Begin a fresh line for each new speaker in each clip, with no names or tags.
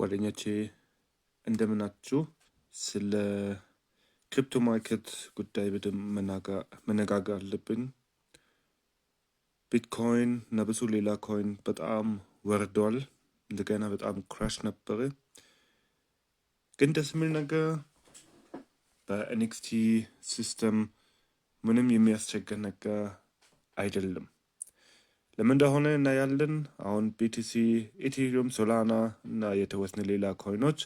ጓደኞቼ እንደምናችሁ ስለ ክሪፕቶ ማርኬት ጉዳይ በደንብ መነጋገር አለብን። ቢትኮይን እና ብዙ ሌላ ኮይን በጣም ወርደዋል። እንደገና በጣም ክራሽ ነበረ። ግን ደስ የሚል ነገር በኤንኤክስቲ ሲስተም ምንም የሚያስቸግር ነገር አይደለም። ለምን እንደሆነ እናያለን። አሁን ቢቲሲ፣ ኢቴሪየም፣ ሶላና እና የተወሰነ ሌላ ኮይኖች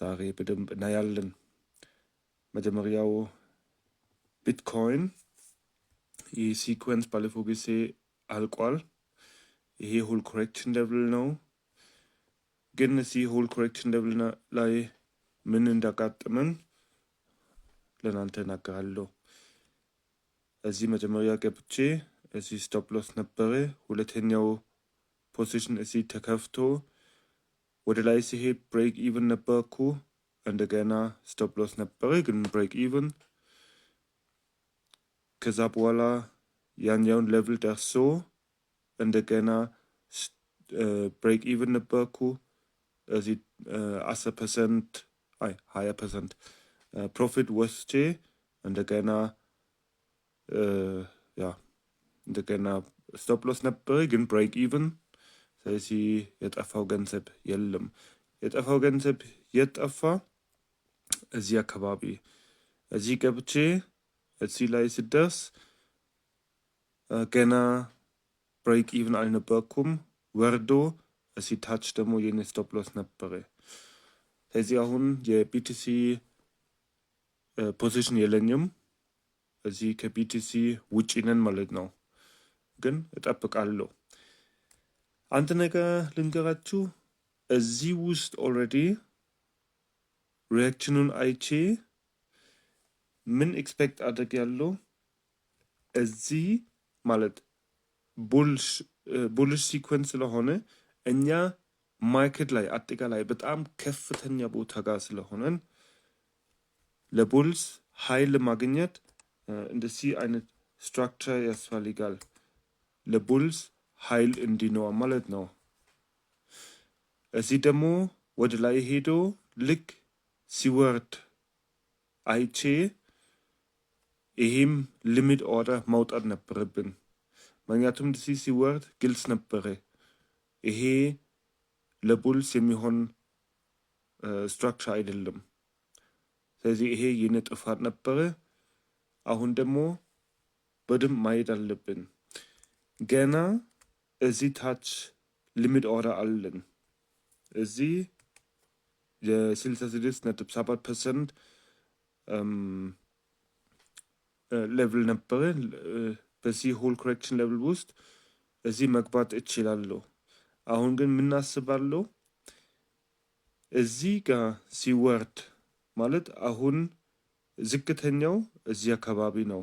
ዛሬ በደንብ እናያለን። መጀመሪያው ቢትኮይን ይህ ሲኩዌንስ ባለፈው ጊዜ አልቋል። ይሄ ሆል ኮሬክሽን ደብል ነው። ግን እዚህ ሆል ኮሬክሽን ደብል ላይ ምን እንዳጋጥምን ለእናንተ እናገራለሁ። እዚህ መጀመሪያ ገብቼ እዚህ ስቶፕ ሎስ ነበረ። ሁለተኛው ፖዚሽን እዚህ ተከፍቶ ወደ ላይ ሲሄድ ብሬክ ኢቨን ነበርኩ። እንደገና ስቶፕ ሎስ ነበረ፣ ግን ብሬክ ኢቨን። ከዛ በኋላ ያኛውን ሌቭል ደርሶ እንደገና ብሬክ ኢቨን ነበርኩ። እዚህ አስር ፐርሰንት አይ ሀያ ፐርሰንት ፕሮፊት ወስቼ እንደገና ያ እንደገና ስቶፕ ሎስ ነበር፣ ግን ብሬክ ኢቨን። ስለዚህ የጠፋው ገንዘብ የለም። የጠፋው ገንዘብ የጠፋ እዚህ አካባቢ እዚህ ገብቼ እዚህ ላይ ስደርስ ገና ብሬክ ኢቨን አልነበርኩም። ወርዶ እዚህ ታች ደግሞ የኔ ስቶፕ ሎስ ነበረ። ስለዚህ አሁን የቢቲሲ ፖዚሽን የለኝም። እዚህ ከቢቲሲ ውጪ ነን ማለት ነው። ግን እጠብቃለሁ። አንድ ነገር ልንገራችሁ፣ እዚህ ውስጥ ኦልሬዲ ሪያክሽኑን አይቼ ምን ኤክስፔክት አድርግ ያለው እዚህ ማለት ቡልሽ ሲኮንስ ስለሆነ እኛ ማርኬት ላይ አጠቃላይ በጣም ከፍተኛ ቦታ ጋር ስለሆነን ለቡልስ ኃይል ማግኘት እንደዚህ አይነት ስትራክቸር ያስፈልጋል። ለቡልስ ኃይል እንዲኖር ማለት ነው። እዚህ ደግሞ ወደ ላይ ሄዶ ልክ ሲወርድ አይቼ ይህም ሊሚት ኦርደር ማውጣት ነበረብን። ምክንያቱም ዲሲ ሲወርድ ግልጽ ነበረ። ይሄ ለቡልስ የሚሆን ስትራክቸር አይደለም። ስለዚህ ይሄ የኔ ጥፋት ነበረ። አሁን ደግሞ በደንብ ማየት አለብን። ገና እዚህ ታች ሊሚት ኦርደር አለን። እዚህ የስልሳስድስት ነጥብ ሰባት ፐርሰንት ሌቭል ነበረ። በዚህ ሆል ኮሬክሽን ሌቭል ውስጥ እዚህ መግባት እችላለሁ። አሁን ግን የምናስባለው እዚህ ጋር ሲወርድ ማለት አሁን ዝቅተኛው እዚህ አካባቢ ነው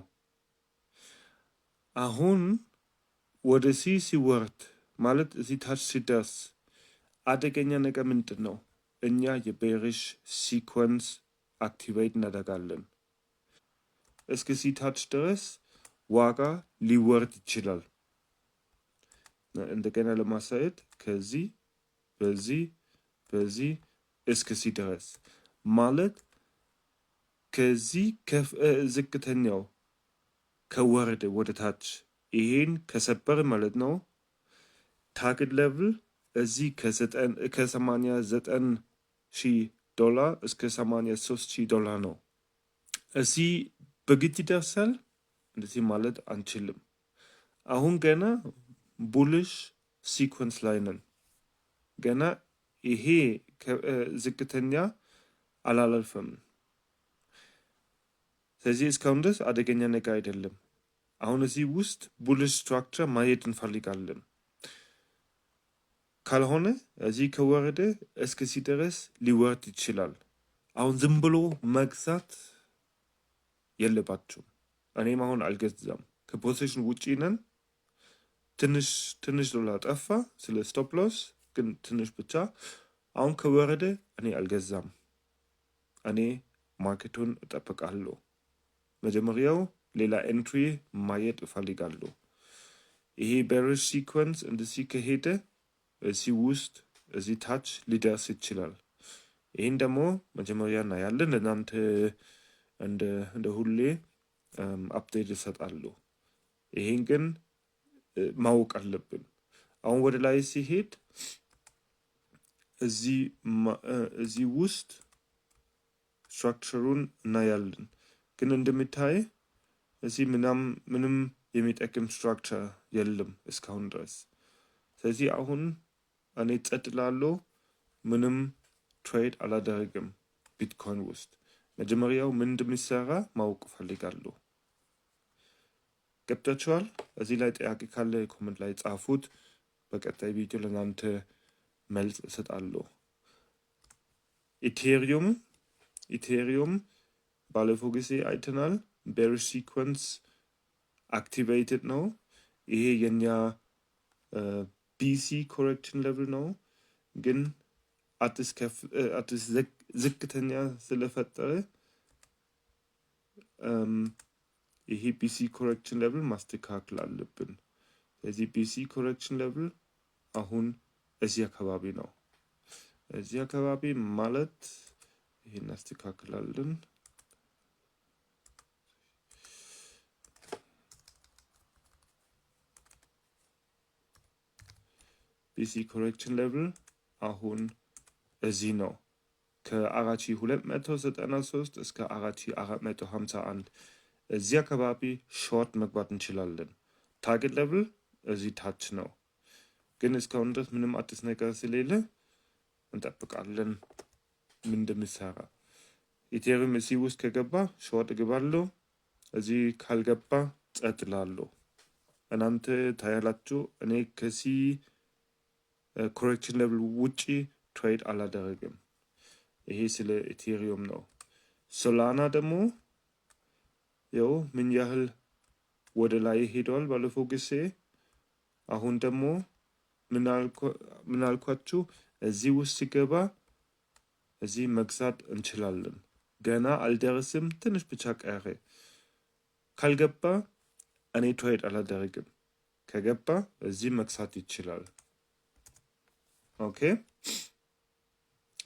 አሁን ወደ ሲ ሲወርድ ማለት እዚህ ታች ሲደርስ አደገኛ ነገር ምንድን ነው? እኛ የቤሪሽ ሲኮንስ አክቲቬት እናደርጋለን። እስከ ሲ ታች ድረስ ዋጋ ሊወርድ ይችላል። እንደገና ለማሳየት ከዚህ በዚህ በዚህ እስከ ሲ ድረስ ማለት ከዚህ ዝቅተኛው ከወረደ ወደ ታች ይሄን ከሰበር ማለት ነው ታርጌት ሌቭል እዚህ ከ89 ሺህ ዶላር እስከ 83 ሺህ ዶላር ነው። እዚህ በግድ ይደርሳል እንደዚህ ማለት አንችልም። አሁን ገና ቡልሽ ሲኮንስ ላይ ነን። ገና ይሄ ዝቅተኛ አላላልፈም። ስለዚህ እስካሁን ድረስ አደገኛ ነገር አይደለም። አሁን እዚህ ውስጥ ቡል ስትራክቸር ማየት እንፈልጋለን። ካልሆነ እዚህ ከወረደ እስከ ሲደረስ ሊወርድ ይችላል። አሁን ዝም ብሎ መግዛት የለባቸውም። እኔም አሁን አልገዛም፣ ከፖዚሽን ውጪ ነን። ትንሽ ትንሽ ዶላር ጠፋ ስለ ስቶፕ ሎስ ግን ትንሽ ብቻ። አሁን ከወረደ እኔ አልገዛም። እኔ ማርኬቱን እጠብቃለሁ። መጀመሪያው ሌላ ኤንትሪ ማየት እፈልጋለሁ። ይሄ በሪሽ ሲኮንስ እንደዚህ ከሄደ እዚህ ውስጥ እዚህ ታች ሊደርስ ይችላል። ይህን ደግሞ መጀመሪያ እናያለን። እናንተ እንደ ሁሌ አፕዴት እሰጣለሁ። ይሄን ግን ማወቅ አለብን። አሁን ወደ ላይ ሲሄድ እዚህ ውስጥ ስትራክቸሩን እናያለን። ግን እንደምታይ ምናም ምንም የሚጠቅም ስትራክቸር የለም እስካሁን ድረስ። ስለዚህ አሁን እኔ ጸጥ ላለ ምንም ትሬድ አላደረግም ቢትኮይን ውስጥ። መጀመሪያው ምን እንደሚሰራ ማወቅ ፈልጋለሁ። ገብታችኋል? እዚህ ላይ ጥያቄ ካለ ኮመንት ላይ ጻፉት። በቀጣይ ቪዲዮ ለእናንተ መልስ እሰጣለሁ። ኢቴሪየም ኢቴሪየም ባለፈው ጊዜ አይተናል። ቤሪ ሲኮንስ አክቲቬትድ ነው። ይሄ የኛ ቢሲ ኮሬክሽን ሌቭል ነው፣ ግን አዲስ ዝቅተኛ ስለፈጠረ ይሄ ቢሲ ኮሬክሽን ሌቭል ማስተካከል አለብን። ስለዚህ ቢሲ ኮሬክሽን ሌቭል አሁን እዚህ አካባቢ ነው። እዚህ አካባቢ ማለት ይሄ እናስተካክላለን። ቢሲ ኮሬክሽን ሌቭል አሁን እዚህ ነው። ከ4293 እስከ 4451 እዚህ አካባቢ ሾርት መግባት እንችላለን። ታርጌት ሌቭል እዚህ ታች ነው፣ ግን እስካሁን ድረስ ምንም አዲስ ነገር ስለሌለ እንጠብቃለን ምን እንደሚሰራ። ኢቴሪም እዚህ ውስጥ ከገባ ሾርት እገባለሁ፣ እዚህ ካልገባ ጸጥ እላለሁ። እናንተ ታያላችሁ። እኔ ከዚህ ኮሬክሽን ሌቭል ውጪ ትሬድ አላደረግም። ይሄ ስለ ኢቴሪየም ነው። ሶላና ደግሞ ያው ምን ያህል ወደ ላይ ሄደዋል ባለፈው ጊዜ። አሁን ደግሞ ምናልኳችሁ እዚህ ውስጥ ሲገባ እዚህ መግዛት እንችላለን። ገና አልደርስም። ትንሽ ብቻ ቀረ። ካልገባ እኔ ትሬድ አላደረግም። ከገባ እዚህ መግዛት ይችላል። ኦኬ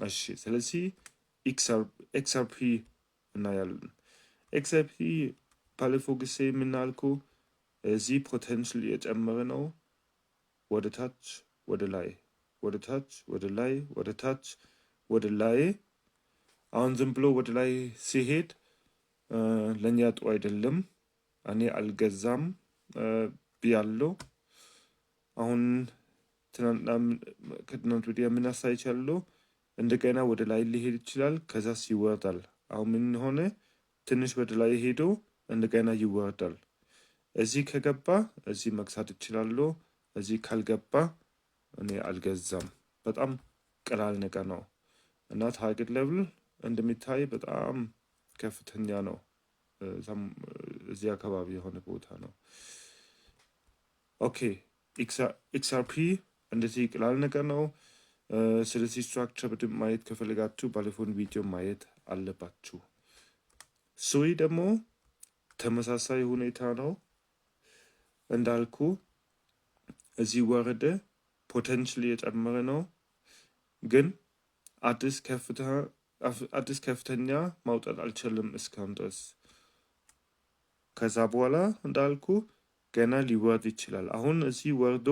እሺ። ስለዚህ ኤክስአርፒ እናያለን። ኤክስአርፒ ባለፈው ጊዜ የምናልኩ እዚህ ፖቴንሽል የጨመረ ነው። ወደ ታች ወደ ላይ ወደ ታች ወደ ላይ ወደ ታች ወደ ላይ። አሁን ዝም ብሎ ወደ ላይ ሲሄድ ለእኛ ጥሩ አይደለም። እኔ አልገዛም ብያለው አሁን ከትናንት ወዲያ ምን አሳይቻለሁ። እንደገና ወደ ላይ ሊሄድ ይችላል። ከዛ ይወርዳል። አሁን ምን ሆነ? ትንሽ ወደ ላይ ሄዶ እንደገና ይወርዳል። እዚህ ከገባ እዚህ መግዛት ይችላሉ። እዚህ ካልገባ እኔ አልገዛም። በጣም ቀላል ነገር ነው እና ታርጌት ሌቭል እንደሚታይ በጣም ከፍተኛ ነው። እዚህ አካባቢ የሆነ ቦታ ነው። ኦኬ ኤክስአርፒ እንደዚህ ቅላል ነገር ነው። ስለዚህ ስትራክቸር በደንብ ማየት ከፈለጋችሁ ባለፈውን ቪዲዮ ማየት አለባችሁ። ስዊ ደግሞ ተመሳሳይ ሁኔታ ነው እንዳልኩ እዚህ ወረደ፣ ፖቴንሽል የጨመረ ነው። ግን አዲስ ከፍተኛ ማውጣት አልችልም እስካሁን ድረስ። ከዛ በኋላ እንዳልኩ ገና ሊወርድ ይችላል። አሁን እዚህ ወርዶ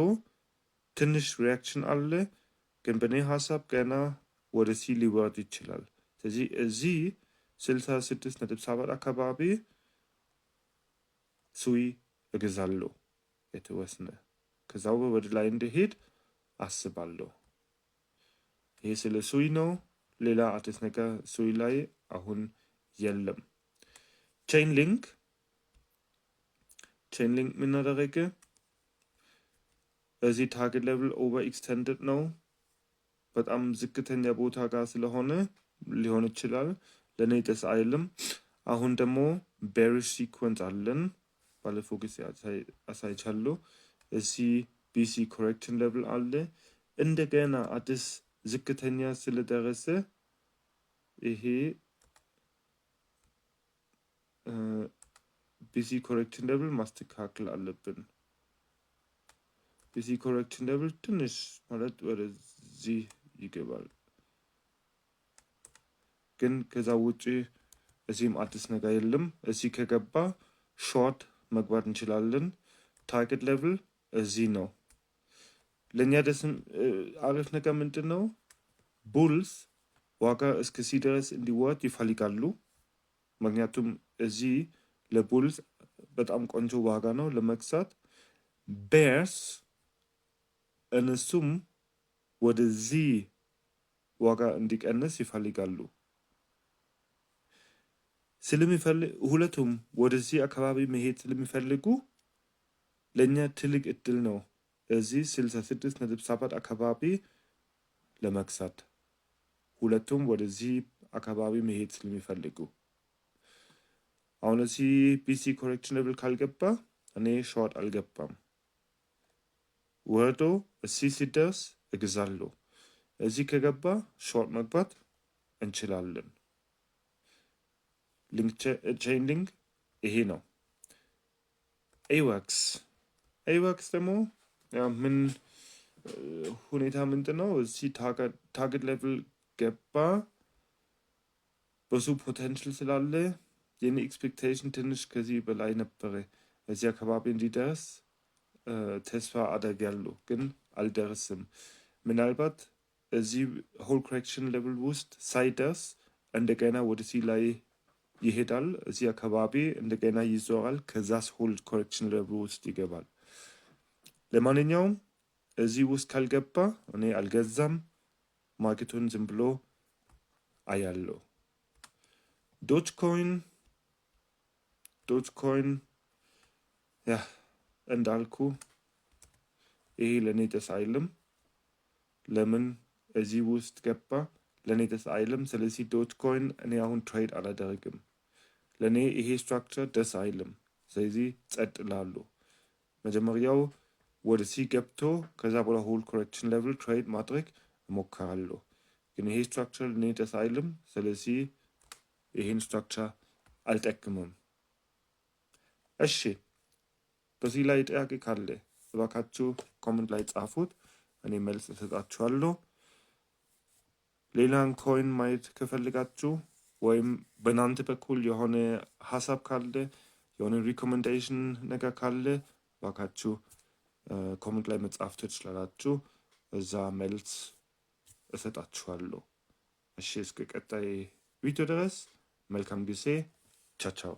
ትንሽ ሪያክሽን አለ፣ ግን በእኔ ሀሳብ ገና ወደ ሲ ሊወርድ ይችላል። ስለዚህ እዚህ 66 ነጥብ ሰባት አካባቢ ስዊ እገዛለሁ የተወሰነ ከዛው ወደ ላይ እንደሄድ አስባለሁ። ይሄ ስለ ስዊ ነው። ሌላ አዲስ ነገር ስዊ ላይ አሁን የለም። ቼን ሊንክ ቼን ሊንክ ምን አደረገ? በዚህ ታርጌት ሌቭል ኦቨር ኤክስተንድድ ነው። በጣም ዝቅተኛ ቦታ ጋር ስለሆነ ሊሆን ይችላል። ለእኔ ደስ አይልም። አሁን ደግሞ ቤሪሽ ሲኮንስ አለን። ባለፈው ጊዜ አሳይቻለሁ። እዚህ ቢሲ ኮሬክሽን ሌቭል አለ። እንደገና አዲስ ዝቅተኛ ስለደረሰ ይሄ ቢሲ ኮሬክሽን ሌቭል ማስተካከል አለብን። የዚህ ኮረክሽን ሌቭል ትንሽ ማለት ወደዚህ ይገባል፣ ግን ከዛ ውጭ እዚህም አዲስ ነገር የለም። እዚህ ከገባ ሾርት መግባት እንችላለን። ታርጌት ሌቭል እዚህ ነው። ለእኛ ደስ አሪፍ ነገር ምንድን ነው? ቡልስ ዋጋ እስከ ሲ ድረስ እንዲወርድ ይፈልጋሉ። ምክንያቱም እዚህ ለቡልስ በጣም ቆንጆ ዋጋ ነው ለመግዛት። ቤርስ እነሱም ወደዚህ ዋጋ እንዲቀንስ ይፈልጋሉ። ሁለቱም ወደዚህ አካባቢ መሄድ ስለሚፈልጉ ለእኛ ትልቅ እድል ነው። እዚህ 66 ነጥብ ሰባት አካባቢ ለመግዛት ሁለቱም ወደዚህ አካባቢ መሄድ ስለሚፈልጉ አሁን እዚህ ቢሲ ኮሬክሽን ብል ካልገባ እኔ ሸዋጥ አልገባም ወርዶ እዚህ ሲደርስ እግዛለሁ። እዚህ ከገባ ሾርት መግባት እንችላለን። ሊንክ ሊንክ ይሄ ነው። ኤዋክስ ኤዋክስ ደግሞ ምን ሁኔታ ምንድን ነው? እዚህ ታርጌት ሌቭል ገባ ብዙ ፖቴንሽል ስላለ የኔ ኤክስፔክቴሽን ትንሽ ከዚህ በላይ ነበረ። እዚህ አካባቢ እንዲደርስ ተስፋ አደርጋለሁ ግን አልደርስም። ምናልባት እዚህ ሆል ኮሬክሽን ሌቭል ውስጥ ሳይደርስ እንደገና ወደዚህ ላይ ይሄዳል። እዚህ አካባቢ እንደገና ይዞራል። ከዛስ ሆል ኮሬክሽን ሌቭል ውስጥ ይገባል። ለማንኛውም እዚህ ውስጥ ካልገባ እኔ አልገዛም። ማርኬቱን ዝም ብሎ አያለው። ዶች ኮይን ዶች ኮይን ያ እንዳልኩ ይሄ ለእኔ ጭስ አይልም። ለምን እዚህ ውስጥ ገባ? ለእኔ ጭስ አይልም። ስለዚህ ዶች ኮይን እኔ አሁን ትሬድ አላደረግም። ለእኔ ይሄ ስትራክቸር ደስ አይልም። ስለዚህ ጸጥ ላሉ መጀመሪያው ወደ ሲ ገብቶ ከዛ በኋላ ሆል ኮሬክሽን ሌቭል ትሬድ ማድረግ እሞክራለሁ። ግን ይሄ ስትራክቸር ለእኔ ደስ አይልም። ስለዚህ ይሄን ስትራክቸር አልጠቅምም። እሺ በዚህ ላይ ጥያቄ ካለ እባካችሁ ኮመንት ላይ ጻፉት፣ እኔ መልስ እሰጣችኋለሁ። ሌላን ኮይን ማየት ከፈልጋችሁ ወይም በእናንተ በኩል የሆነ ሀሳብ ካለ የሆነ ሪኮሜንዴሽን ነገር ካለ እባካችሁ ኮመንት ላይ መጻፍ ትችላላችሁ። እዛ መልስ እሰጣችኋለሁ። እሺ፣ እስከ ቀጣይ ቪዲዮ ድረስ መልካም ጊዜ። ቻቻው